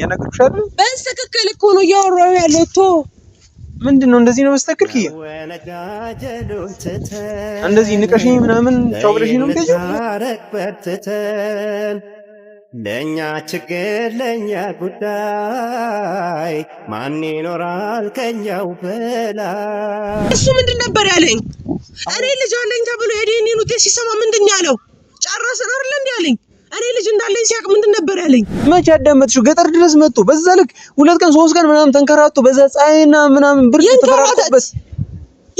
እያናገርኩሻል። በስትክክል እኮ ነው እያወራሁ ያለው እኮ ምንድን ነው እንደዚህ ነው በስተክል ኪያ እንደዚህ ንቀሽኝ ምናምን ቻው ብለሽኝ ነው እንደዚህ ለእኛ ችግር ለእኛ ጉዳይ ማን ይኖራል ከኛው በላይ እሱ ምንድን ነበር ያለኝ እኔ ልጅ አለኝ ተብሎ የዲኒን ውጤት ሲሰማ ምንድን ያለው ጨረስን አይደል እንዲህ ያለኝ እኔ ልጅ እንዳለኝ ሲያቅ ምንድን ነበር ያለኝ? መቼ አዳመጥሽው? ገጠር ድረስ መጥቶ በዛ ልክ ሁለት ቀን ሶስት ቀን ምናምን ተንከራቶ በዛ ፀሐይና ምናምን ብር ተፈራራቁበት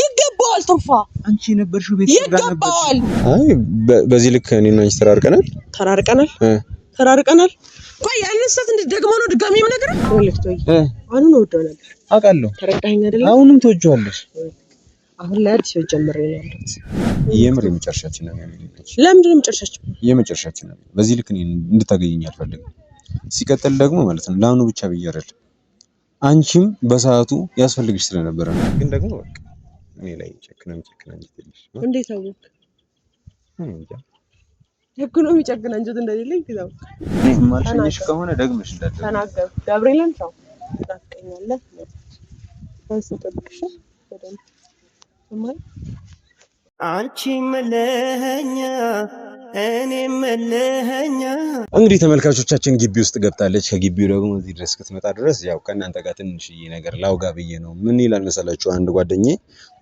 ይገባዋል። ቶፋ አንቺ የነበርሽው ቤት ይገባዋል። አይ በዚህ ልክ እኔና አንቺ ተራርቀናል ተራርቀናል ተራርቀናል። ቆይ ያነሳት እንደ ደግሞ ነው ድጋሚ የምነግርህ ወልክቶይ አሁን ነው ወደው ነበር አውቃለሁ። ተረዳኸኝ አይደለም አሁንም ትወጂዋለሽ አሁን ላይ አዲስ ህይወት ጀምሬ ነው ያለሁት። የምር የመጨረሻችን ነው የሚሆነች። ለምንድን ነው የመጨረሻችን? የመጨረሻችን ነው። በዚህ ልክ እኔን እንድታገኘኝ አልፈልግም። ሲቀጥል ደግሞ ማለት ነው ለአሁኑ ብቻ ብዬ አይደል አንቺም በሰዓቱ ያስፈልግሽ ስለነበረ ነው። ግን ደግሞ በቃ እኔ ላይ ጨክነን ጨክነን ትልሽ እንዴት አወቅ? ነው ጨክነን እንጀት እንደሌለኝ ግዛው ማልሽሽ ከሆነ ደግመሽ እንዳለ ተናገር። ገብርኤልን ሰው ታስቀኛለህ በሱ ጠብቅሽ በደንብ አንቺ መለኸኛ እኔ መለኸኛ። እንግዲህ ተመልካቾቻችን ግቢ ውስጥ ገብታለች። ከግቢው ደግሞ እዚህ ድረስ እስክትመጣ ድረስ ያው ከእናንተ ጋር ትንሽዬ ነገር ላውጋ ብዬ ነው። ምን ይላል መሰላችሁ፣ አንድ ጓደኜ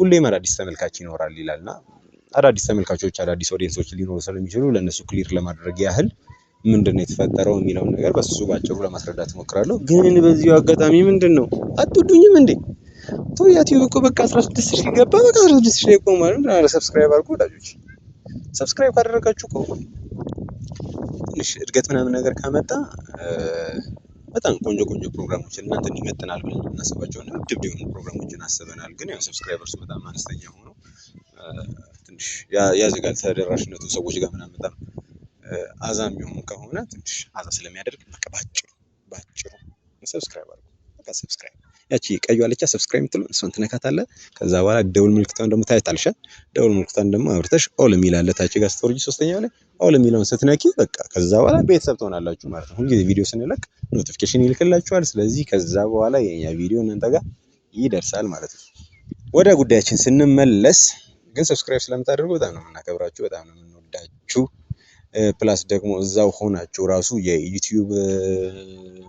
ሁሌም አዳዲስ ተመልካች ይኖራል ይላልና አዳዲስ ተመልካቾች አዳዲስ ኦዲየንሶች ሊኖሩ ስለሚችሉ ለእነሱ ክሊር ለማድረግ ያህል ምንድን ነው የተፈጠረው የሚለውን ነገር በሱ ባጭሩ ለማስረዳት እሞክራለሁ። ግን በዚሁ አጋጣሚ ምንድን ነው አትወዱኝም እንዴ? ተው ዩቲዩብ እኮ በቃ ሺህ ሲገባ በቃ 16 ሺህ 16000 ማለት ነው። አረ ሰብስክራይብ አድርጉ ወዳጆች። ሰብስክራይብ ካደረጋችሁ እኮ ትንሽ እድገት ምናምን ነገር ካመጣ በጣም ቆንጆ ቆንጆ ፕሮግራሞችን እናንተን ይመጥናል ብለን የምናስባቸው እና ድብድ የሆኑ ፕሮግራሞችን አስበናል። ግን ያው ሰብስክራይበርሱ በጣም አነስተኛ ሆኖ ትንሽ ያዘጋል ተደራሽነቱ ሰዎች ጋር ምናምን በጣም አዛ የሚሆኑ ከሆነ ትንሽ አዛ ስለሚያደርግ በቃ ባጭሩ ባጭሩ ሰብስክራይብ አድርጉ። በቃ ሰብስክራይብ ያቺ ቀዩ አለቻ ሰብስክራይብ የምትለው እሷን ትነካታለህ። ከዛ በኋላ ደውል ምልክቷን ደግሞ ታይታልሻ። ደውል ምልክቷን ደግሞ አብርተሽ ኦል የሚል አለ ታች ጋር ስትወርጂ ሶስተኛ ላይ ኦል የሚለውን ስትነኪ በቃ ከዛ በኋላ ቤተሰብ ትሆናላችሁ ማለት ነው። ሁልጊዜ ቪዲዮ ስንለቅ ኖቲፊኬሽን ይልክላችኋል። ስለዚህ ከዛ በኋላ የኛ ቪዲዮ እናንተ ጋር ይደርሳል ማለት ነው። ወደ ጉዳያችን ስንመለስ ግን ሰብስክራይብ ስለምታደርጉ በጣም ነው የምናከብራችሁ በጣም ነው ፕላስ ደግሞ እዛው ሆናችሁ ራሱ የዩቲዩብ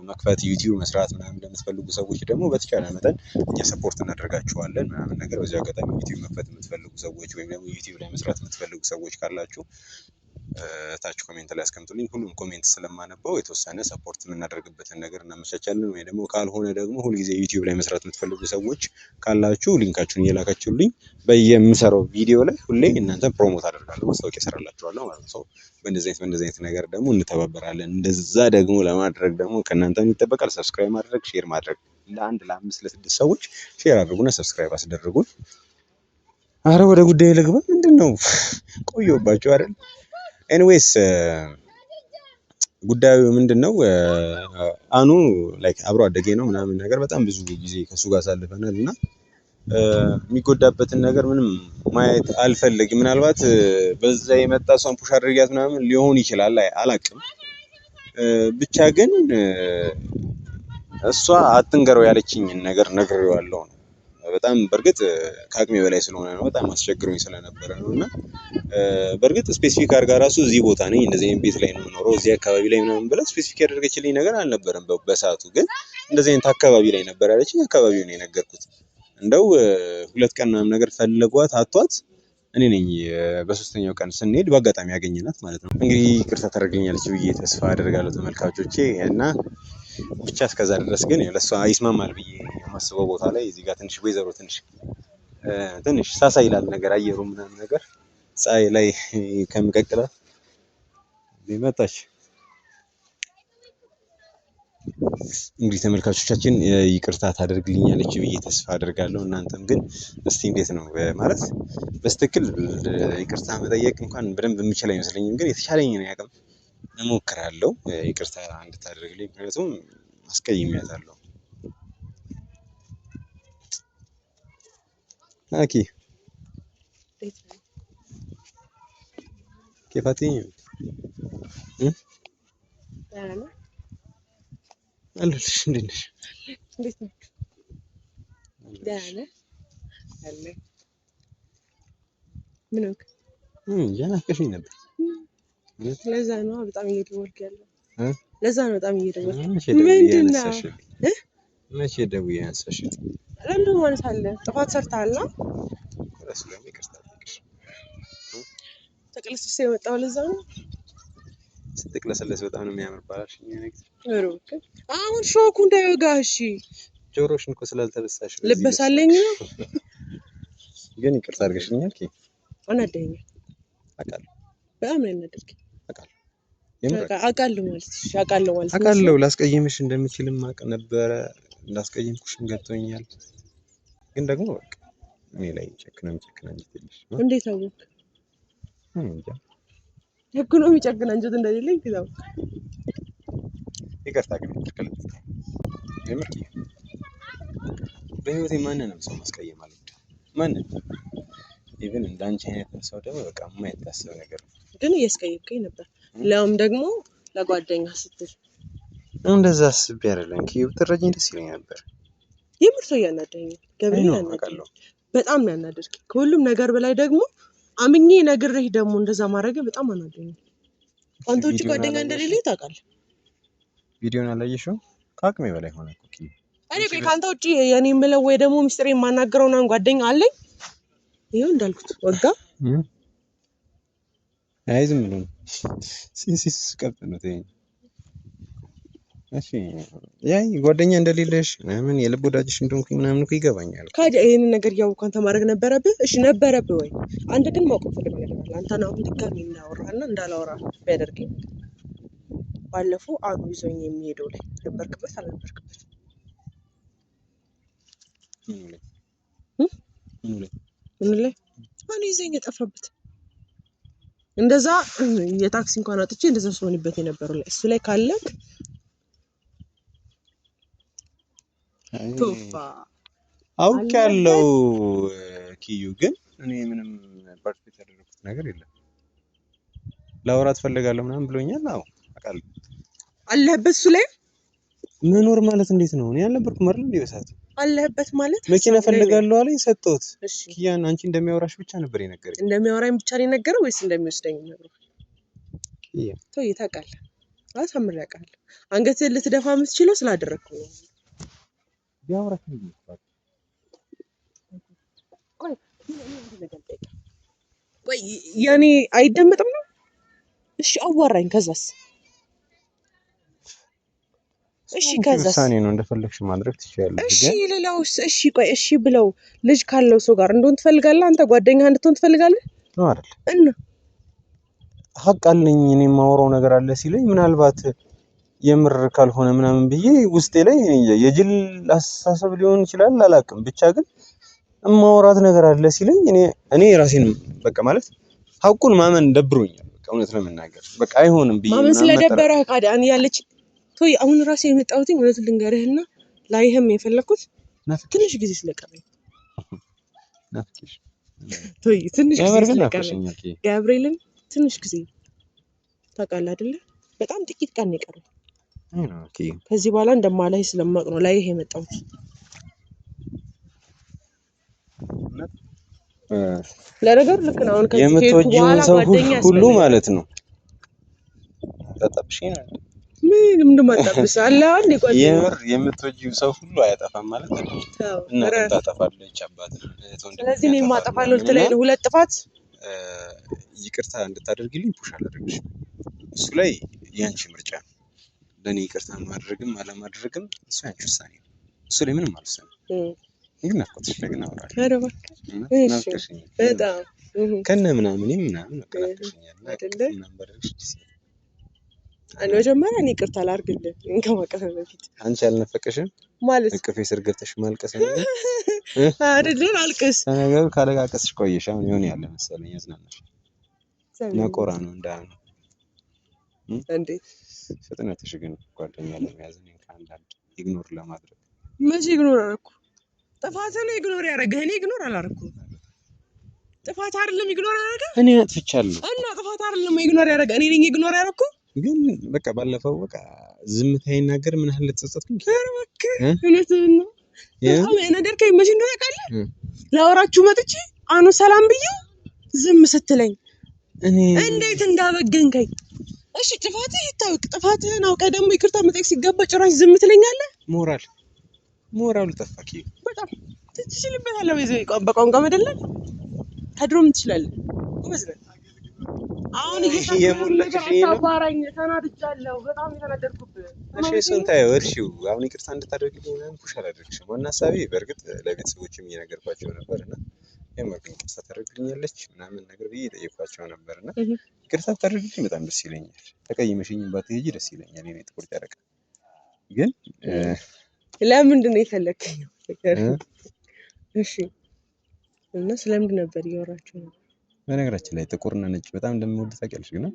መክፈት ዩቲዩብ መስራት ምናምን ለምትፈልጉ ሰዎች ደግሞ በተቻለ መጠን እኛ ሰፖርት እናደርጋችኋለን ምናምን ነገር። በዚህ አጋጣሚ ዩቲዩብ መክፈት የምትፈልጉ ሰዎች ወይም ደግሞ ዩቲዩብ ላይ መስራት የምትፈልጉ ሰዎች ካላችሁ ታች ኮሜንት ላይ አስቀምጡልኝ። ሁሉም ኮሜንት ስለማነበው የተወሰነ ሰፖርት የምናደርግበትን ነገር እናመቻቻለን። ወይ ደግሞ ካልሆነ ደግሞ ሁልጊዜ ዩቲዩብ ላይ መስራት የምትፈልጉ ሰዎች ካላችሁ ሊንካችሁን እየላካችሁልኝ በየምሰራው ቪዲዮ ላይ ሁሌ እናንተ ፕሮሞት አደርጋለሁ፣ ማስታወቂያ እሰራላችኋለሁ ማለት ነው። በእንደዚህ አይነት በእንደዚህ አይነት ነገር ደግሞ እንተባበራለን። እንደዛ ደግሞ ለማድረግ ደግሞ ከእናንተ ይጠበቃል ሰብስክራይብ ማድረግ፣ ሼር ማድረግ ለአንድ ለአምስት ለስድስት ሰዎች ሼር አድርጉና ሰብስክራይብ አስደርጉን። አረ ወደ ጉዳይ ልግባ። ምንድን ነው ቆየሁባችሁ አይደል? ኤኒዌይስ uh, ጉዳዩ ምንድነው? Uh, አኑ ላይክ አብሮ አደጌ ነው ምናምን ነገር በጣም ብዙ ጊዜ ከሱ ጋር አሳልፈናል እና uh, የሚጎዳበትን ነገር ምንም ማየት አልፈልግም። ምናልባት በዛ የመጣ እሷን ፑሽ አድርጊያት ምናምን ሊሆን ይችላል፣ አላቅም። ብቻ ግን እሷ አትንገረው ያለችኝን ነገር ነግሬዋለሁ ነው በጣም በእርግጥ ከአቅሜ በላይ ስለሆነ ነው፣ በጣም አስቸግሮኝ ስለነበረ ነው። እና በእርግጥ ስፔሲፊክ አድርጋ ራሱ እዚህ ቦታ ነኝ እንደዚህ አይነት ቤት ላይ ነው የምኖረው እዚህ አካባቢ ላይ ምናምን ብላ ስፔሲፊክ ያደረገችልኝ ነገር አልነበረም። በሰዓቱ ግን እንደዚህ አይነት አካባቢ ላይ ነበር ያለችኝ። አካባቢው ነው የነገርኩት። እንደው ሁለት ቀን ምናምን ነገር ፈለጓት አቷት እኔ ነኝ በሶስተኛው ቀን ስንሄድ በአጋጣሚ ያገኘናት ማለት ነው። እንግዲህ ይቅርታ ታደርገኛለች ብዬ ተስፋ አደርጋለሁ ተመልካቾቼ እና ብቻ እስከዛ ድረስ ግን ለእሷ ይስማማል ብዬ ከማስበው ቦታ ላይ እዚህ ጋር ትንሽ ወይዘሮ ትንሽ ትንሽ ሳሳ ይላል ነገር አየሩ ምናምን ነገር ፀሐይ ላይ ከሚቀቅላት መጣች። እንግዲህ ተመልካቾቻችን ይቅርታ ታደርግልኛለች ብዬ ተስፋ አደርጋለሁ። እናንተም ግን እስቲ እንዴት ነው ማለት በስትክክል ይቅርታ መጠየቅ እንኳን በደንብ የምችል አይመስለኝም፣ ግን የተቻለኝ ነው ያቅም እሞክራለሁ ይቅርታ እንድታደርግልኝ ምክንያቱም አስቀይሜያታለሁ። Aqui. Que አለሁልሽ። እንዴት ነሽ? እያናፈሽኝ ነበር። ለዛ ነው በጣም እየደወልክ ያለው። ለዛ ነው በጣም እየደወልክ ምንድን ነው መቼ ደውዬ ያነሳሽ? ለምን ጥፋት ሰርተሃል። ተቅለስልሼ የመጣሁ ለዛ ነው። ስትቅለሰለስ በጣም ነው የሚያምር ባላሽ። አሁን ሾኩ እንዳይወጋህ እሺ። ጆሮሽን እኮ ስላልተበሳሽ ልበሳለኝ ነው። ግን ይቅርታ አናደኛ በጣም ነው ማለት ማለት ላስቀየምሽ እንደምችልም ነበረ እንዳስቀየምኩሽም ገብቶኛል። ግን ደግሞ በቃ እኔ ላይ ጨክነው የሚጨክን አንጀት የለሽ። እንዴት አወቅ? ጨክኖ የሚጨክን አንጀት እንደሌለኝ ታወቅ። ይቅርታ ግን ክልክል የምር በህይወቴ ማንንም ሰው ማስቀየም አለ ማንን ኢቨን እንደ አንቺ አይነት ሰው ደግሞ በቃ የማይታሰብ ነገር ነው። ግን እያስቀየምከኝ ነበር። ለውም ደግሞ ለጓደኛ ስትል እንደዛ አስቤ አይደለም። ኪዩ ብትረጂኝ ደስ ይለኝ ነበር። የምር ሰው እያናደኝ ገብሬ ያናደኝ በጣም ነው ያናደድክ። ከሁሉም ነገር በላይ ደግሞ አምኜ ነግሬህ ደግሞ እንደዛ ማድረግ በጣም አናደኝ። ከአንተ ውጭ ጓደኛ እንደሌለኝ ታውቃለህ። ቪዲዮን አላየሽው? ከአቅሜ በላይ ሆነ እኮ ኪዩ። እኔ ቆይ ከአንተ ውጭ የኔ የምለው ወይ ደግሞ ሚስጥር የማናገረውን አሁን ጓደኛ አለኝ። ይኸው እንዳልኩት ወጋ አይዝም ዝም ብሎ ሲስ ሲስ ቀጥ ነው ያይ ጓደኛ እንደሌለሽ ምናምን የልብ ወዳጅሽ እንደሆንኩኝ ምናምን እኮ ይገባኛል። ካዲያ ይህንን ነገር እያወቅህ አንተ ማድረግ ነበረብህ? እሺ ነበረብህ ወይ? አንድ ግን ማወቅ ፈልግ ነገር አንተን አሁን ድጋሚ እንዳወራና እንዳላወራ ቢያደርገኝ ባለፈው አሉ ይዞኝ የሚሄደው ላይ ነበርክበት አልነበርክበት? ምን ላይ አሉ ይዘኝ የጠፋበት እንደዛ የታክሲ እንኳን አጥቼ እንደዛ ስሆንበት የነበረው ላይ እሱ ላይ ካለክ አውቅ ያለው ኪዩ ግን እኔ ምንም ፓርቲፔት ያደረኩት ነገር የለም። ላወራት ፈልጋለሁ ምናምን ብሎኛል። አዎ አቃል አለህበት እሱ ላይ መኖር ማለት እንዴት ነው? እኔ አልነበርኩም አይደል እንዴ በሰዓቱ አለህበት ማለት መኪና ፈልጋለሁ አለኝ፣ ሰጠሁት። ኪያን አንቺ እንደሚያወራሽ ብቻ ነበር የነገረኝ። እንደሚያወራኝ ብቻ ነው የነገረው ወይስ እንደሚወስደኝ ነው? ኪያ ተው፣ ታውቃለህ፣ አሳምሬ አውቃለሁ። አንገትህን ልትደፋ የምትችለው ስላደረግኩ ነው። ቢያወራት ነው ይመስላል? ቆይ ያኔ አይደመጥም ነው? እሺ አዋራኝ። ከዛስ? እሺ ከዛስ? ውሳኔ ነው እንደፈለግሽ ማድረግ ትችያለሽ። እሺ ሌላውስ? እሺ ቆይ እሺ ብለው ልጅ ካለው ሰው ጋር እንደሆን ትፈልጋለህ? አንተ ጓደኛ እንድትሆን ትፈልጋለህ? አይደል? እና ሀቅ አለኝ እኔ የማወራው ነገር አለ ሲለኝ ምናልባት የምር ካልሆነ ምናምን ብዬ ውስጤ ላይ የጅል አስተሳሰብ ሊሆን ይችላል፣ አላውቅም። ብቻ ግን እማወራት ነገር አለ ሲለኝ እኔ እኔ ራሴን በቃ ማለት ሀቁን ማመን ደብሮኛል። በቃ እውነት ለመናገር በቃ አይሆንም ብዬ ማመን ስለደበረ ቃዳን ያለች ቶይ አሁን ራሴ የመጣሁት እውነቱን ልንገርህና ላይህም የፈለግኩት ትንሽ ጊዜ ስለቀረኝ ቶይ ትንሽ ጊዜ ስለቀረኝ ገብርኤልን ትንሽ ጊዜ ታውቃለህ አይደለ? በጣም ጥቂት ቀን የቀረኝ ከዚህ በኋላ እንደማላይ ስለማቅ ነው ላይህ የመጣሁት። ለነገሩ ልክ ነው። አሁን የምትወጂውን ሰው ሁሉ ማለት ነው ተጠብሽ ነው ምን እንደማጣብሽ አለ አንዴ ቆይ የምትወጂው ሰው ሁሉ አያጠፋም ማለት ነው። እና ታጠፋለች አባት ስለዚህ ነው የማጠፋለው ልትለኝ ነው። ሁለት ጥፋት ይቅርታ እንድታደርግልኝ ፑሽ አላደርግሽ። እሱ ላይ ያንቺ ምርጫ ነው። ለእኔ ይቅርታ ማድረግም አለማድረግም እሱ ያንቺ ውሳኔ ነው። እሱ ላይ ምንም አልወሰንም። ይህ ናፍቆትሽ ላይ ግን አውራለሁ ከነ ምናምን ምናምን ናፍቀሽኛል መጀመሪያ እኔ ይቅርታ ላድርግልህ ከማቀፈህ በፊት አንቺ አልነፈቀሽም ማለት እቅፌ ስር ገብተሽ ማልቀስ አይደለም። አልቅስ ነገሩ ካለቃቀስሽ ቆየሽ። አሁን የሆነ ያለ መሰለኝ ያዝናናሽ ነቆራ ነው እንዳ ነው እንዴት ፍጥነትሽን ጓደኛ ለመያዝ ለመያዝን ከአንዳንድ ኢግኖር ለማድረግ መቼ ኢግኖር አደረኩ? ጥፋት ነው ኢግኖር ያደረገህ። እኔ ኢግኖር አላደረኩም። ጥፋት አይደለም ኢግኖር ያደረገ እኔ አጥፍቻለሁ እና ጥፋት አይደለም ኢግኖር ያደረገ እኔ ነኝ ኢግኖር ያደረኩ። ግን በቃ ባለፈው በቃ ዝምታ ነገር ምን ያህል ልትጸጸትኩኝ ከረበክ እውነትህን ነው። በጣም የነገርከኝ መቼ እንደሆነ ታውቃለህ? ላወራችሁ መጥቼ አኑ ሰላም ብዬ ዝም ስትለኝ እኔ እንዴት እንዳበገንከኝ እሺ ጥፋትህ ይታወቅ። ጥፋትህን አውቀህ ደግሞ ይቅርታ መጠየቅ ሲገባ ጭራሽ ዝም ትለኛለህ። ሞራል ሞራሉ ጠፋህ። በጣም ትችልበታለህ። በዚህ በቋንቋ መደለል ከድሮም ትችላለህ። ጎበዝ ነህ። አሁን እየታባራኝ ተናድጃለሁ። በጣም የተናደድኩብህ እሺ፣ እሱን ታየው እርሺው። አሁን ይቅርታ እንድታደርግልኝ ምናምን ፑሽ አላደርግሽም። ዋና ሀሳቤ በእርግጥ ለቤተሰቦችም እየነገርኳቸው ነበር እና የምግብ ይቅርታ ታደርግልኛለች ምናምን ነገር ብዬ እየጠየኳቸው ነበር እና ይቅርታ ታደርግልኝ በጣም ደስ ይለኛል። ተቀይመሽኝ ባትሄጂ ደስ ይለኛል። የኔ ጥቁር ጨረቃ ግን ለምንድን ነው የፈለግኝ? እሺ እና ስለምንድን ነበር እያወራችሁ ነው? በነገራችን ላይ ጥቁርና ነጭ በጣም እንደምወድ ታውቂያለሽ። ግን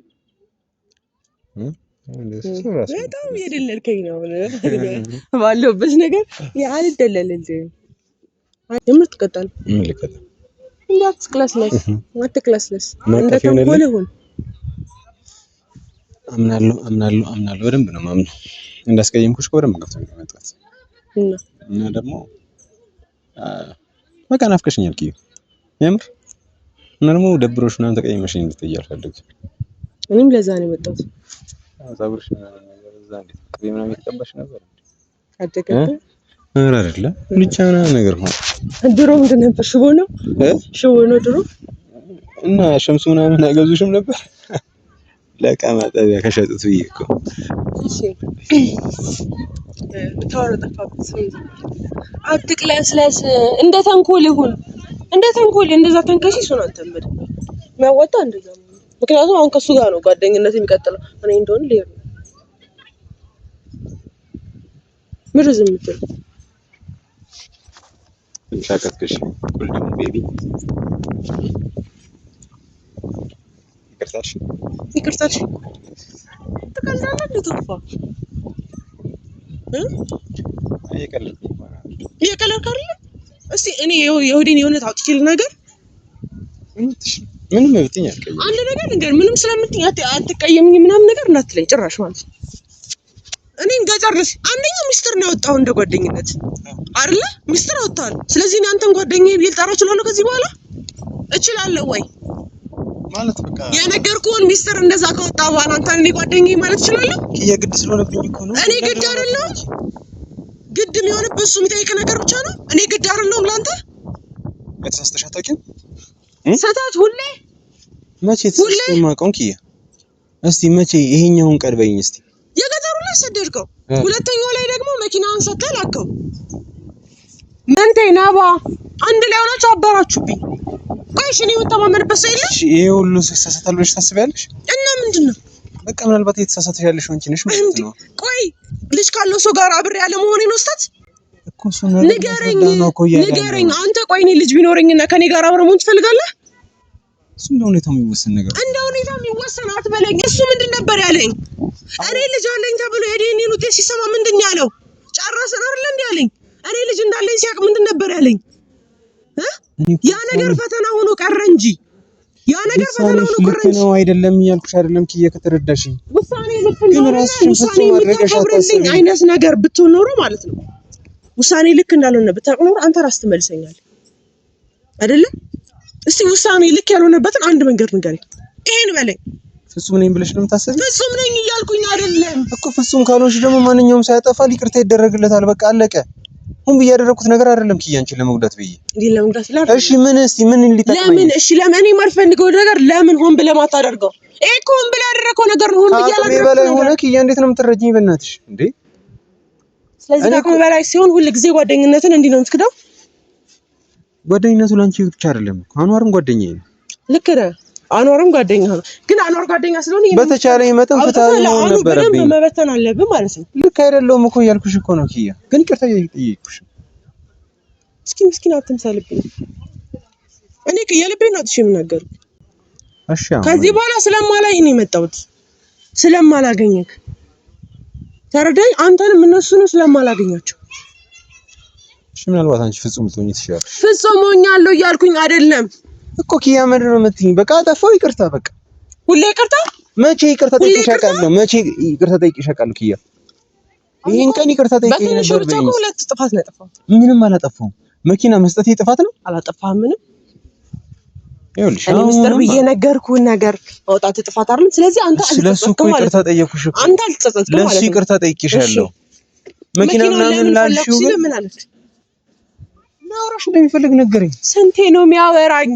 በጣም እየደለልከኝ ነው ባለሁበት ነገር አልደለልልህም። የምትቀጣል ምን ልቀጣል? እንዳትቅለስለስ አትቅለስለስ። እንደ ተንኮል ይሁን አምናለሁ አምናለሁ አምናለሁ። በደንብ ነው ማምነው። እንዳስቀየምኩሽ እኮ በደንብ ገብቶ መጣት እና ደግሞ በቃ ናፍቀሽኛል ኪዩ የምር እና ደግሞ ደብሮሽ ምናምን ተቀይመሽኝ እንድትይ አልፈልግም። እኔም ለዛ ነው የመጣሁት። ፀጉርሽ ምናምን የተቀባሽ ነበር አደገብኝ ነገር አይደለም ብቻ ነገር ነው። ድሮ ምንድን ነበር? ሽቦ ነው ሽቦ ነው ድሮ እና ሸምሱ ምናምን አይገዙሽም ነበር ለእቃ ማጠቢያ ከሸጡት ብዬ እኮ እሺ። ጠፋብኝ። አትቅለስለስ፣ እንደ ተንኮል ይሁን፣ እንደ ተንኮል እንደዛ ተንከሽ ሆነ። አንተም እንደዛ ነው። ምክንያቱም አሁን ከሱ ጋር ነው ጓደኝነት የሚቀጥለው። እኔ እንደሆነ ልንሻቀስቅሽ ቁል ደግሞ ቤቢ ይቅርታሽ ይቅርታሽ ተቀልዳለ ልትርፋ እየቀለድክ አይደለ? እስቲ እኔ የሆዴን የሆነ ታውጥቼ ልናገር። ምንም ብትይኝ አንድ ነገር ንገር። ምንም ስለምትይኝ አትቀየምኝ ምናምን ነገር እናትለኝ ጭራሽ ማለት ነው እኔ ጋር ጨርስ። አንደኛው ሚስጥር ነው ያወጣው እንደ ጓደኝነት አይደለ? ሚስጥር አወጣል። ስለዚህ እኔ አንተን ጓደኛዬ ብዬ ልጠራ እችላለሁ ከዚህ በኋላ እችላለሁ ወይ ማለት በቃ የነገርኩህን ሚስጥር እንደዛ ከወጣ በኋላ አንተን እኔ ጓደኛዬ ማለት እችላለሁ? የግድ ስለሆነብኝ እኮ ነው። እኔ ግድ አይደለሁም። ግድ የሚሆንብህ እሱ የሚጠይቅ ነገር ብቻ ነው። እኔ ግድ አይደለሁም ለአንተ። ከተሳስተሽ አታውቂም። ስህተት ሁሌ መቼ ተሳስተሽ ማውቀውን ኪያ፣ እስቲ መቼ ይሄኛውን ቀርበኝ እስቲ ሰደድከው። ሁለተኛው ላይ ደግሞ መኪናውን ሰጥተህ ላከው። መንቴ ናባ አንድ ላይ ሆናችሁ አባራችሁብኝ። ቆይ እሺ፣ እኔ የምተማመንበት ሰው የለሽ። ይሄ ሁሉ ይሳሳታል ብለሽ ታስቢያለሽ? እና ምንድን ነው በቃ ምናልባት የተሳሳተሽ ያለሽ አንቺ ነሽ ማለት ነው። ቆይ ልጅ ካለው ሰው ጋር አብሬ ያለ ነው መሆኔን ወስታት ንገረኝ፣ ንገረኝ አንተ። ቆይ እኔ ልጅ ቢኖረኝና ከኔ ጋር አብረህ መሆን ትፈልጋለህ? እሱ እንደ ሁኔታው የሚወሰን ነገር እንደ ሁኔታው የሚወሰን አትበለኝ። እሱ ምንድን ነበር ያለኝ? እኔ ልጅ አለኝ ተብሎ የዲኤንኤን ውጤት ሲሰማ ምንድን ያለው? ጨረስን አይደል እንዴ ያለኝ። እኔ ልጅ እንዳለኝ ሲያውቅ ምንድን ነበር ያለኝ? ያ ነገር ፈተና ሆኖ ቀረ እንጂ ያ ነገር ፈተና ሆኖ ቀረ እንጂ ነው አይደለም እያልኩሽ አይደለም ኪያ፣ ከተረዳሽ ውሳኔ ልክ እንዳልሆነ ውሳኔ የምታከብርልኝ አይነት ነገር ብትሆን ኖሮ ማለት ነው ውሳኔ ልክ እንዳልሆነ ብታውቅ ኖሮ አንተ ራስህ ትመልሰኛለህ አይደለም እስቲ ውሳኔ ልክ ያልሆነበትን አንድ መንገድ ንገሪ። ይሄን በለኝ። ፍጹም ነኝ ብለሽ ነው የምታስቢው? ፍጹም ነኝ እያልኩኝ አይደለም እኮ። ፍጹም ካልሆንሽ ደግሞ ማንኛውም ሳያጠፋ ይቅርታ ይደረግለታል። በቃ አለቀ። ሁን ብዬ ያደረኩት ነገር አይደለም። ኪያንችን ለመጉዳት ብዬ ለመጉዳት ላ እሺ፣ ምን እስቲ ምን ሊጠቅመኝ? ለምን እሺ፣ ለምን እኔ የማልፈልገው ነገር ለምን ሆን ብለህ ማታደርገው? ይሄ እኮ ሆን ብለህ ያደረከው ነገር ነው። ሆን ብዬ ያላደረኩት ነገር ሆነ። ኪያ፣ እንዴት ነው የምትረጂኝ? በእናትሽ እንዴ! ስለዚህ ከአቅም በላይ ሲሆን ሁልጊዜ ጓደኝነትን እንዲህ ነው የምትክደው ጓደኝነቱ ላንቺ ብቻ አይደለም። አንዋርም ጓደኛዬ ነው። ልክ ነህ። አንዋርም ጓደኛ ነው። ግን አንዋር ጓደኛ ስለሆነ በተቻለ መጠን ፍትሃዊ መሆን ነበረብኝ። መበተን አለብን ማለት ነው። ልክ አይደለሁም እኮ እያልኩሽ እኮ ነው ኪያ። ግን ቅርታ እየጠየቅኩሽ እስኪ ምስኪን አትምሰልብኝ። እኔ የልቤን ነው ትሽ የምናገርኩት። እሺ ከዚህ በኋላ ስለማላይ ነው የመጣሁት ስለማላገኘክ ተረዳኝ። አንተንም እነሱንም ስለማላገኛቸው እሺ ምናልባት አንቺ ፍጹም ልትሆኚ ትችያለሽ። ፍጹም ሆኛለሁ እያልኩኝ አይደለም እኮ ኪያ፣ ምንድን ነው የምትይኝ? በቃ ጠፋሁ፣ ይቅርታ። በቃ ሁሌ ይቅርታ። መቼ ይቅርታ ጠይቄሽ አውቃለሁ? መቼ ይቅርታ ጠይቄሽ አውቃለሁ? ኪያ፣ ይሄን ቀን ይቅርታ ጠይቄሽ ነበር። ብቻ እኮ ሁለት ጥፋት ነው ያጠፋሁት። ምንም አላጠፋሁም። መኪና መስጠት ጥፋት ነው? አላጠፋህም። ምንም ይኸውልሽ፣ ብዬ ነገርኩህን ነገር ማውጣት ጥፋት አይደለም። ስለዚህ አንተ አልተጸጸትክም ማለት ነው። ለእሱ ይቅርታ ጠይቄሻለሁ። መኪና ምናምን ላልሽው ምን አለች? ላውራሽ እንደሚፈልግ ነገረኝ። ስንቴ ነው የሚያወራኝ?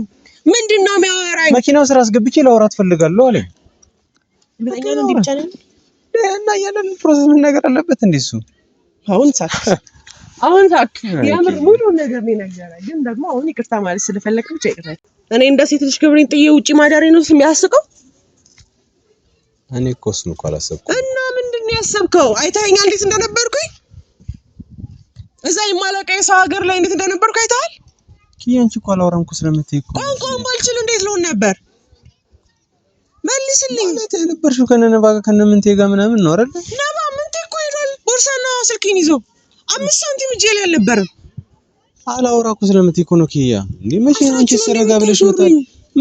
ምንድን ነው የሚያወራኝ? መኪናው ስራ አስገብቼ ላውራት ፈልጋለሁ አለኝ። እና ያለን ፕሮሰስ ምን ነገር አለበት እንዴ? እሱ አሁን ሳክ አሁን ሳክ የምር ሙሉ ነገር ነው ነገር ግን ደግሞ አሁን ይቅርታ ማለት ስለፈለክ ብቻ ይቅርታ። እኔ እንደ ሴት ልጅ ክብሬን ጥዬ ውጪ ማዳሬ ነው የሚያስቀው። እኔ እኮ እሱን እኮ አላሰብኩም። እና ምንድን ነው ያሰብከው? አይተኸኛል እንዴት እንደነበርኩኝ እዛ የማለቀ የሰው ሀገር ላይ እንዴት እንደነበርኩ አይተሃል። ኪያንቺ እኮ አላወራም እኮ ስለምትሄድ እኮ ቋንቋም ባልችል እንዴት ልሆን ነበር? መልስልኝ። ማለት የነበርሽው ከነነባ ጋር ከነምንቴ ጋር ምናምን ነው አይደል? ነባ ምንቴ እኮ ሄዷል፣ ቦርሳና ስልኬን ይዞ አምስት ሳንቲም እጄ ላይ አልነበረም። አላወራ እኮ ስለምትሄድ እኮ ነው ኪያ። እንዴ መቼ አንቺ ሰረጋ ብለሽ ወጣ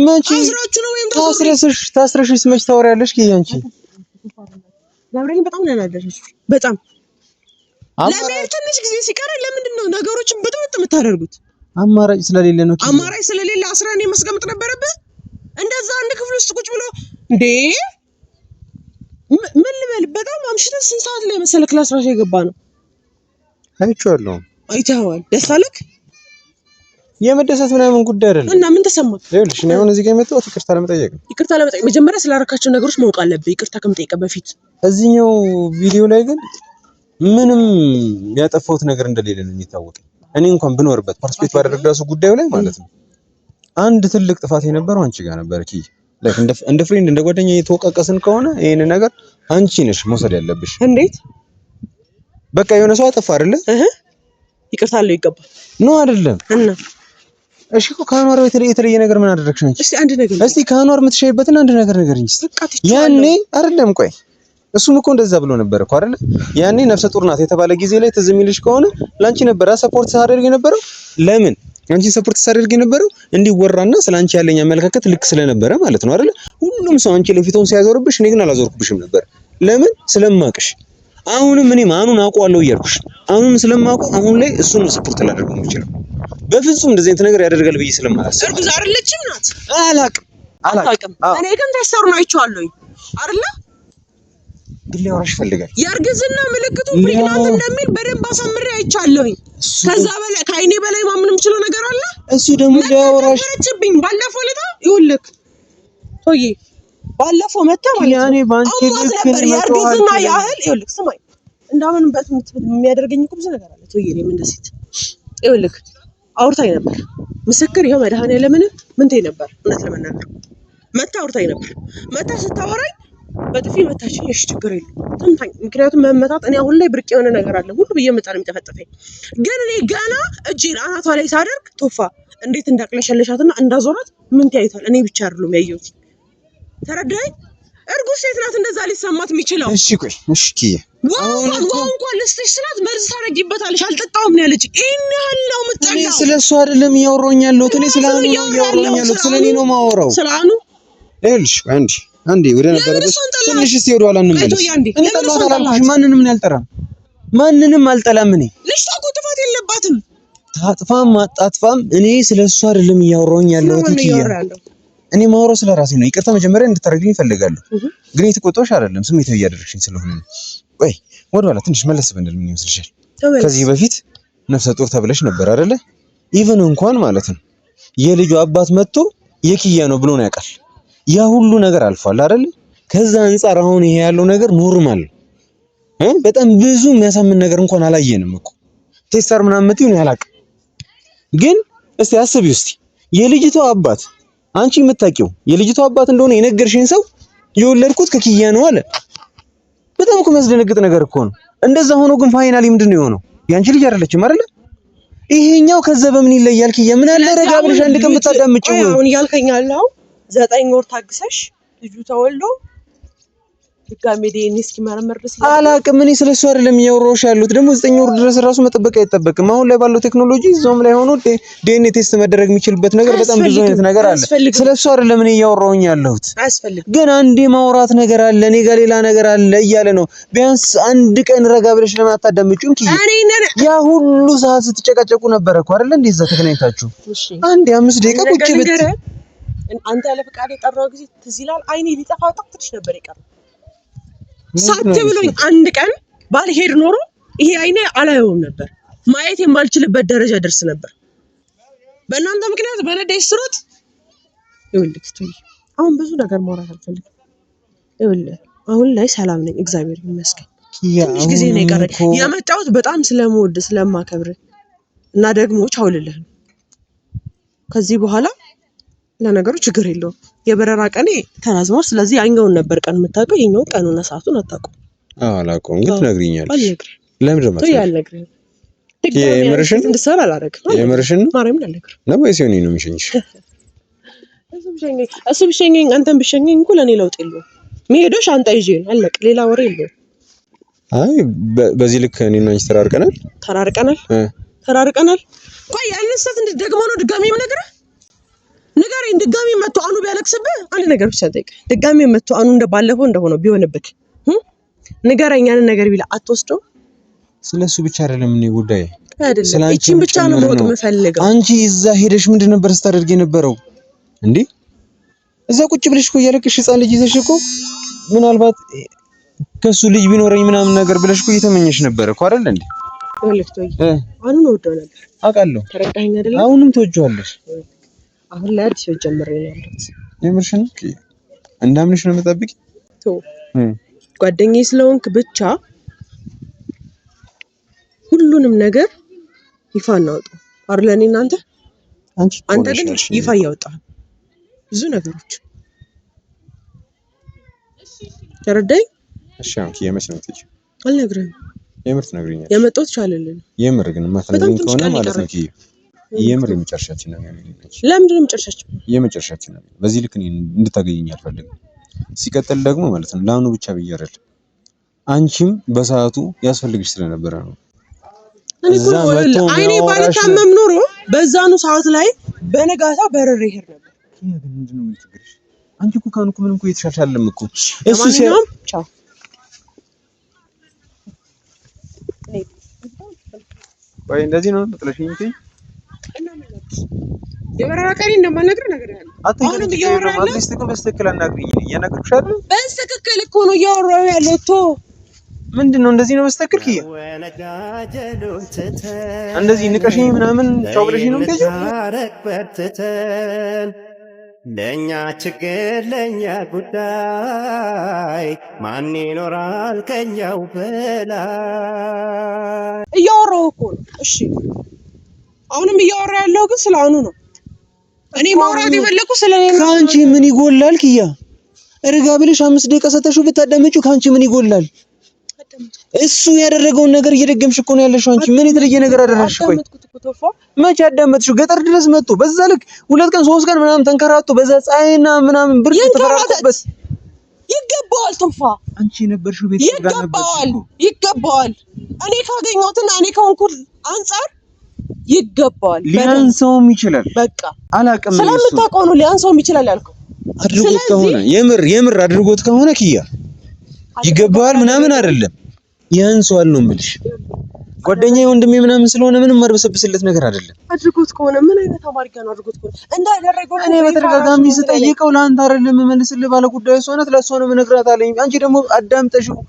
መቼ አስራችሁ ነው ወይም ታስረሽ ታስረሽሽ መቼ ታወሪያለሽ ኪያንቺ? አንቺ ገብረኝ በጣም ነው ያናደረሽ በጣም ለመሄድ ትንሽ ጊዜ ሲቀር ለምንድን ነው ነገሮችን ብጥብጥ የምታደርጉት? አማራጭ ስለሌለ ነው። አማራጭ ስለሌለ አስረን የማስቀምጥ ነበረብህ። እንደዛ አንድ ክፍል ውስጥ ቁጭ ብሎ እንዴ ምን ልበል፣ በጣም አምሽተህ ስንት ሰዓት ላይ መሰለ ክላስ ራሽ የገባ ነው? አይቼዋለሁ። አይተኸዋል? ደስ አለህ? የመደሰት ምናምን ጉዳይ አይደለም። እና ምን ተሰማ? ይኸውልሽ እኔ አሁን እዚህ ጋር የመጣሁት ይቅርታ ለመጠየቅ ነው። ይቅርታ ለመጠየቅ መጀመሪያ ስላደረካቸው ነገሮች ማወቅ አለብህ፣ ይቅርታ ከመጠየቅ በፊት። እዚህኛው ቪዲዮ ላይ ግን ምንም ያጠፋሁት ነገር እንደሌለ ነው የሚታወቀኝ። እኔ እንኳን ብኖርበት ፓርቲስፔት ባደረግ ራሱ ጉዳዩ ላይ ማለት ነው አንድ ትልቅ ጥፋት የነበረው አንቺ ጋር ነበር። ኪ እንደ ፍሬንድ እንደ ጓደኛ እየተወቃቀስን ከሆነ ይሄን ነገር አንቺ ነሽ መውሰድ ያለብሽ። እንዴት በቃ የሆነ ሰው አጠፋ አይደለ? ይቅርታ አለው ይገባል ነው አይደለም? እና እሺ እኮ ከአኗር የተለየ ነገር ምን አደረግሽ አንቺ? እስቲ አንድ ነገር እስቲ ከአኗር የምትሻይበትን አንድ ነገር ነገር እንጂ ያኔ አይደለም ቆይ እሱም እኮ እንደዛ ብሎ ነበር እኮ አይደል? ያኔ ነፍሰ ጡር ናት የተባለ ጊዜ ላይ ትዝ የሚልሽ ከሆነ ላንቺ ነበር ሰፖርት ሳደርግ የነበረው። ለምን አንቺን ሰፖርት ሳደርግ የነበረው እንዲወራና ስላንቺ ያለኝ አመለካከት ልክ ስለነበረ ማለት ነው አይደል? ሁሉም ሰው አንቺ ላይ ፊቱን ሲያዞርብሽ፣ እኔ ግን አላዞርኩብሽም ነበር። ለምን ስለማቅሽ። አሁንም እኔ ማኑን አውቀዋለሁ እያልኩሽ፣ አሁንም ስለማውቀው አሁን ላይ እሱን ሰፖርት ላደርግ ነው ይችላል። በፍጹም እንደዚህ አይነት ነገር ያደርጋል ብዬ ስለማላስብ እርጉዝ አይደለችም ናት። አላቅም አላቅም። እኔ ግን ነው አይቼዋለሁ አይደል ግን ሊያወራሽ ይፈልጋል። የእርግዝና ምልክቱ ፕሬግናንት እንደሚል በደንብ አሳምሬ አይቻለሁኝ። ከዛ በላይ ከአይኔ በላይ ማምን የምችለው ነገር አለ? እሱ ደግሞ ሊያወራሽ ረችብኝ። ባለፈው ለታ ይኸውልህ ቶዬ ባለፈው መታ ማለት ነው ልክ ነው የእርግዝና ያህል ይኸውልህ፣ ስማኝ እንዳምንበት የሚያደርገኝ እኮ ብዙ ነገር አለ ቶዬ። እኔም እንደዚህ ይኸውልህ አውርታኝ ነበር ምስክር ይኸው መድኃኔዓለምን ምንቴ ነበር እውነት ለመናገር መታ አውርታኝ ነበር መታ ስታወራኝ በጥፊ መታችኝ። እሺ ችግር የለም ትንታኝ። ምክንያቱም መመታት እኔ አሁን ላይ ብርቅ የሆነ ነገር አለ ሁሉ ብዬ መጣ ነው የሚጠፈጥፈኝ። ግን እኔ ገና እጄን አናቷ ላይ ሳደርግ ቶፋ እንዴት እንዳቅለሸለሻትና እንዳዞራት ምን ታይቷል። እኔ ብቻ አይደሉም ያየሁት። ተረዳኝ። እርጉዝ ሴት ናት እንደዛ ሊሰማት የሚችለው። እሺ ቆይ እሺ ኪያ ዋንኳን ዋንኳን ልስጥሽ ስላት መርዝ ታደርጊበታለሽ አልጠጣውም ነው ያለች። ይህን ያህል ነው የምጠላው። እኔ ስለ እሱ አይደለም እያወራሁኝ ያለሁት፣ እኔ ስለ አኑ ነው እያወራሁኝ ያለሁት። ስለ እኔ ነው የማወራው። ስለ አኑ ይኸውልሽ አንቺ አንዴ ወደ ነበረበት ትንሽ እስቲ ወደ ኋላ እንመለስ። እኔ ጠላት አላልኩሽ፣ ማንንም አልጠላም፣ ማንንም አልጠላም። እኔ ልጅቷ እኮ ጥፋት የለባትም። ታጥፋም አጣጥፋም እኔ ስለሱ አይደለም እያወራሁኝ ያለሁት እኔ ማውራው ስለ ራሴ ነው። ይቅርታ መጀመሪያ እንድታደርግልኝ እፈልጋለሁ፣ ግን የተቆጣሁሽ አይደለም ስሜታዊ እያደረግሽኝ ስለሆነ ነው። ወይ ወደ ኋላ ትንሽ መለስ ብንል ምን ይመስልሻል? ከዚህ በፊት ነፍሰ ጡር ተብለሽ ነበር አይደለ? ኢቨን እንኳን ማለት ነው የልጁ አባት መጥቶ የኪያ ነው ብሎ ነው ያውቃል ያ ሁሉ ነገር አልፏል አይደል? ከዛ አንጻር አሁን ይሄ ያለው ነገር ኖርማል እ በጣም ብዙ የሚያሳምን ነገር እንኳን አላየንም እኮ ቴስተር ምናምን ትሁን አላውቅም። ግን እስቲ አስቢው እስቲ የልጅቷ አባት አንቺ የምታውቂው የልጅቷ አባት እንደሆነ የነገርሽኝ ሰው የወለድኩት ከኪያ ነው አለ። በጣም እኮ የሚያስደነግጥ ነገር እኮ ነው። እንደዛ ሆኖ ግን ፋይናሊ ምንድን ነው የሆነው? ያንቺ ልጅ አይደለችም አይደለ? ይሄኛው ከዛ በምን ይለያል? ኪያ ምን አለ ረጋ ብለሽ አንድ ቀን ብታዳምጪው ዘጠኝ ወር ታግሰሽ ልጁ ተወልዶ ድጋሜ ዲኤንኤ እስኪመረመር ድረስ አላቅም። እኔ ስለሱ አይደለም እያወራሁሽ ያሉት። ደግሞ ዘጠኝ ወር ድረስ ራሱ መጠበቅ አይጠበቅም። አሁን ላይ ባለው ቴክኖሎጂ እዛውም ላይ ሆኖ ዲኤንኤ ቴስት መደረግ የሚችልበት ነገር በጣም ብዙ አይነት ነገር አለ። ስለሱ አይደለም እኔ እያወራሁኝ ያለሁት። ግን አንድ የማውራት ነገር አለ፣ እኔ ጋር ሌላ ነገር አለ እያለ ነው። ቢያንስ አንድ ቀን ረጋ ብለሽ ለምን አታዳምጪውም? ኪ ያ ሁሉ ሰዓት ስትጨቃጨቁ ነበረ እኮ አይደለ? እንደዛ ተገናኝታችሁ አንድ አምስት ደቂቃ ቁጭ ብት አንተ ያለ ፍቃድ የጠራው ጊዜ ትዝ ይላል። አይኔ ሊጠፋ ጠፍትሽ ነበር የቀረው ሳት ብሎኝ አንድ ቀን ባልሄድ ኖሮ ይሄ አይኔ አላየውም ነበር። ማየት የማልችልበት ደረጃ ደርስ ነበር። በእናንተ ምክንያት በነዳጅ ስሮት ይኸውልህ፣ ትቶኝ አሁን ብዙ ነገር ማውራት አልፈልግም። ይኸውልህ አሁን ላይ ሰላም ነኝ፣ እግዚአብሔር ይመስገን። ትንሽ ጊዜ ነው የቀረኝ። የመጣሁት በጣም ስለምወድ ስለማከብር እና ደግሞ ቻውልልህ ከዚህ በኋላ ለነገሩ ችግር የለውም። የበረራ ቀኔ ተራዝሟል። ስለዚህ ያኛውን ነበር ቀን የምታውቀው፣ ይኛው ቀኑና ሰዓቱን አታውቀውም። አላውቀውም፣ ግን ትነግሪኛለሽ። ለምንድን ነው የማትነግሪኝ? የምርሽን እንድትሰራ አላደርግም። የምርሽን ነው ማርያምን አልነግርም ነው ወይስ የሆነ ነው የሚሸኝሽ? እሱ ብሸኘኝ አንተን ብሸኘኝ እኮ ለእኔ ለውጥ የለውም። መሄዶሽ ሻንጣ ይዤ ነው አለቅ፣ ሌላ ወሬ የለውም። አይ በዚህ ልክ እኔና አንቺ ተራርቀናል፣ ተራርቀናል፣ ተራርቀናል። ቆይ ያነሳት ደግሞ ነው ድጋሚም የምነግርህ ንገረኝ። ድጋሚ መቶ አኑ ቢያለቅስብህ አንድ ነገር ብቻ ጠይቅ። ድጋሚ መቶ አኑ እንደባለፈው እንደሆነ ቢሆንብህ ንገረኝ። ያንን ነገር ቢላ አትወስደው። ስለሱ ብቻ አይደለም እኔ ጉዳይ አይደለም። እቺን ብቻ ነው መውጥ የምፈልገው። አንቺ እዛ ሄደሽ ምንድን ነበር ስታደርግ የነበረው እንዴ? እዛ ቁጭ ብለሽ እኮ እያለቅሽ ህፃን ልጅ ይዘሽ እኮ ምናልባት ከሱ ልጅ ቢኖረኝ ምናምን ነገር ብለሽ እኮ እየተመኘሽ ነበር እኮ አይደል እንዴ? ወደው ነበር አሁንም ተወጂዋለሽ አሁን ላይ አዲስ ቤት ጀምሬ ነው ያለሁት። የምርሽን እንዳምንሽ ነው የምጠብቂ? ጓደኛዬ ስለሆንክ ብቻ ሁሉንም ነገር ይፋ እናወጣው አይደል? እናንተ አንተ ግን ይፋ እያወጣህ ብዙ ነገሮች ተረዳኝ። እሺ አሁን ነው አልነግርህም። የምር ትነግሪኛለሽ። የመጣሁት ቻለልን። የምር ግን ማታ ነው ከሆነ ማለት ነው የምር የመጨረሻችን ነው የሚሆነው። ለምንድን ነው የመጨረሻችን? የመጨረሻችን ነው። በዚህ ልክ እንድታገኘኝ አልፈልግም። ሲቀጥል ደግሞ ማለት ነው ለአሁኑ ብቻ ብዬ አይደል፣ አንቺም በሰዓቱ ያስፈልግሽ ስለነበረ ነው። አይኔ ባልታመም ኖሮ በዛኑ ሰዓት ላይ በነጋታ በረር ይሄድ ነበር። አንቺ እኮ ካሁን እኮ ምንም እኮ እየተሻሻለ እኮ እሱ ሲያም ቻው ወይ እንደዚህ ነው ጥለሽኝ የበረራ ቀሪ እንደማልነግር ነገር ያለ አሁንም በስትክክል አይደል? እኮ ነው እያወራሁ ያለው እኮ ምንድን ነው እንደዚህ ነው በስተክል ኪያ እንደዚህ ንቀሽኝ ምናምን ቻው ብለሽኝ ነው እንደዚህ ለእኛ ችግር ለእኛ ጉዳይ ማን ይኖራል ከኛው በላይ እያወራሁ እኮ ነው እሺ አሁንም እያወራ ያለው ግን ስለ አኑ ነው። እኔ ማውራት የፈለኩ ስለ እኔ ነው። ከአንቺ ምን ይጎላል ክያ እርጋ ብለሽ አምስት ደቂቃ ሰተሽው ብታዳመጪው ከአንቺ ምን ይጎላል? እሱ ያደረገውን ነገር እየደገምሽ እኮ ነው ያለሽው። አንቺ ምን የተለየ ነገር አደረግሽ? ቆይ መቼ አዳመጥሽው? ገጠር ድረስ መጡ። በዛ ልክ ሁለት ቀን ሶስት ቀን ምናምን ተንከራቶ በዛ ፀሐይና ምናምን ብርድ ተፈራራቁበት። ይገባዋል ቶፋ፣ አንቺ የነበርሽው ቤት ይገባዋል፣ ይገባዋል። እኔ ካገኘሁትና እኔ ከሆንኩ አንጻር ይገባዋል። ሊያንሰውም ይችላል። በቃ አላቅም ስለምታውቀው ነው ሊያንሰውም ይችላል ያልከው። አድርጎት ከሆነ የምር የምር አድርጎት ከሆነ ኪያ ይገባዋል ምናምን አይደለም ያንሰዋል ነው የምልሽ። ጓደኛ ወንድሜ ምናምን ስለሆነ ምንም ማርበሰብስለት ነገር አይደለም። አድርጎት ከሆነ ምን አይነት አማርኛ ነው አድርጎት ከሆነ እንዳደረገው እኔ በተደጋጋሚ ስጠይቀው ለአንተ አይደለም የምመልስልህ ባለ ጉዳይ ሆነት ለእሷ ነው የምነግራት አለኝ። አንቺ ደግሞ አዳምጠሽው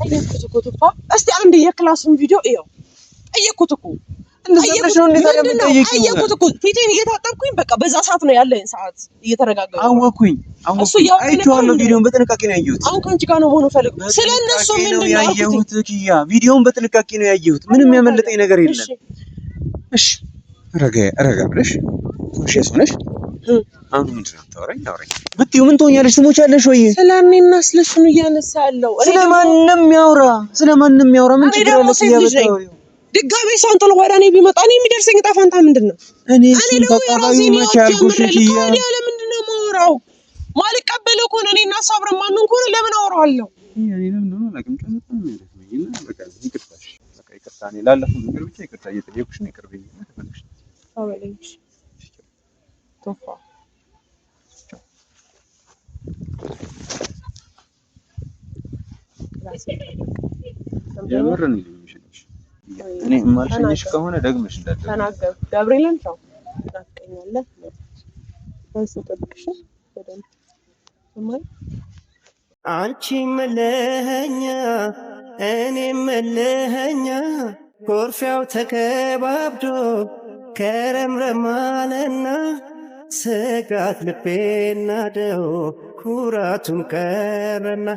ጠየቅኩት እኮ ትፋ። እስቲ አንድ የክላሱን ቪዲዮ እየው ጠየቅኩት እኮ አየኩት እኮ ፊቴን እየታጠብኩኝ በቃ በዛ ሰዓት ነው ያለኝ ሰዓት እየተረጋጋሁ አወኩኝ። አይቼዋለሁ። ቪዲዮውን በጥንቃቄ ነው ያየሁት። አሁን ከአንቺ ጋር ነው መሆኑ ፈልግ ስለ እነሱ ምንድን ነው ያየሁት። ኪያ ቪዲዮውን በጥንቃቄ ነው ያየሁት። ምንም ያመለጠኝ ነገር የለም። እሺ፣ ረጋ ረጋ ብለሽ ኮንሺየስ ሆነሽ አሁን ምንድን ነው የምታወራኝ? አውራኝ ብትይው ምን ትሆኛለሽ? ስሞች አለሽ ወይ? ስለኔና ስለሱ ነው እያነሳ ያለው። ስለማንም ያውራ፣ ስለማንም ያውራ ምን ችግር አለ? ድጋሜ ሳንጥል ወደ እኔ ቢመጣ እኔ የሚደርሰኝ ዕጣ ፈንታ ምንድን ነው? እኔ ለምንድን ነው የማወራው? ማልቀበልህ ከሆነ እኔ እና እሱ አብረን ማንን ከሆነ ለምን አወራዋለሁ? የምር እኔ የማልሸኝሽ ከሆነ ደግመሽ እንዳትደግም ተናገርኩ። ገብርኤልን ተው አንቺ መለኸኛ እኔ መለኸኛ ኮርፊያው ተከባብዶ ከረምረማለና ስጋት ልቤና ኩራቱን ኩራቱም ቀረና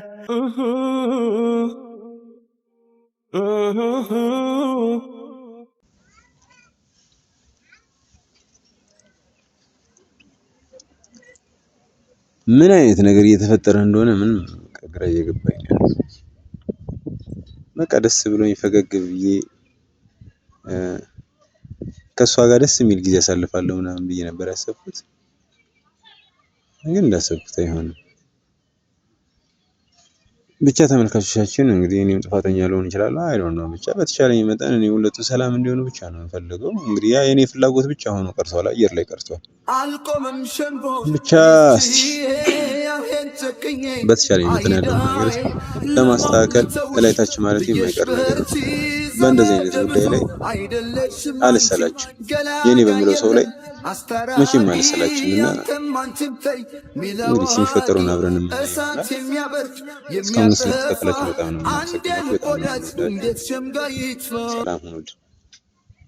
ምን አይነት ነገር እየተፈጠረ እንደሆነ ምንም ግራ እየገባኝ ነው። በቃ ደስ ብሎኝ ፈገግ ብዬ ከእሷ ጋር ደስ የሚል ጊዜ አሳልፋለሁ ምናምን ብዬ ነበር ያሰብኩት፣ ግን እንዳሰብኩት አይሆንም። ብቻ ተመልካቾቻችን እንግዲህ እኔም ጥፋተኛ ልሆን ይችላል። አይ ዶንት ኖ ብቻ በተቻለኝ መጠን እኔ ሁለቱ ሰላም እንዲሆኑ ብቻ ነው የምፈልገው። እንግዲህ ያ የኔ ፍላጎት ብቻ ሆኖ ቀርቷል፣ አየር ላይ ቀርቷል። ብቻ በተቻለኝ መጠን ያለው ነገር ለማስተካከል እላይታችን ማለት የማይቀር ነገር ነው። በእንደዚህ አይነት ጉዳይ ላይ አልሰላችሁ የኔ በሚለው ሰው ላይ መቼም አልሰላችሁም። እና እንግዲህ የሚፈጠረውን አብረን እስካሁን ተከታተላችሁ በጣም ነው ሰላም ሁኑልኝ።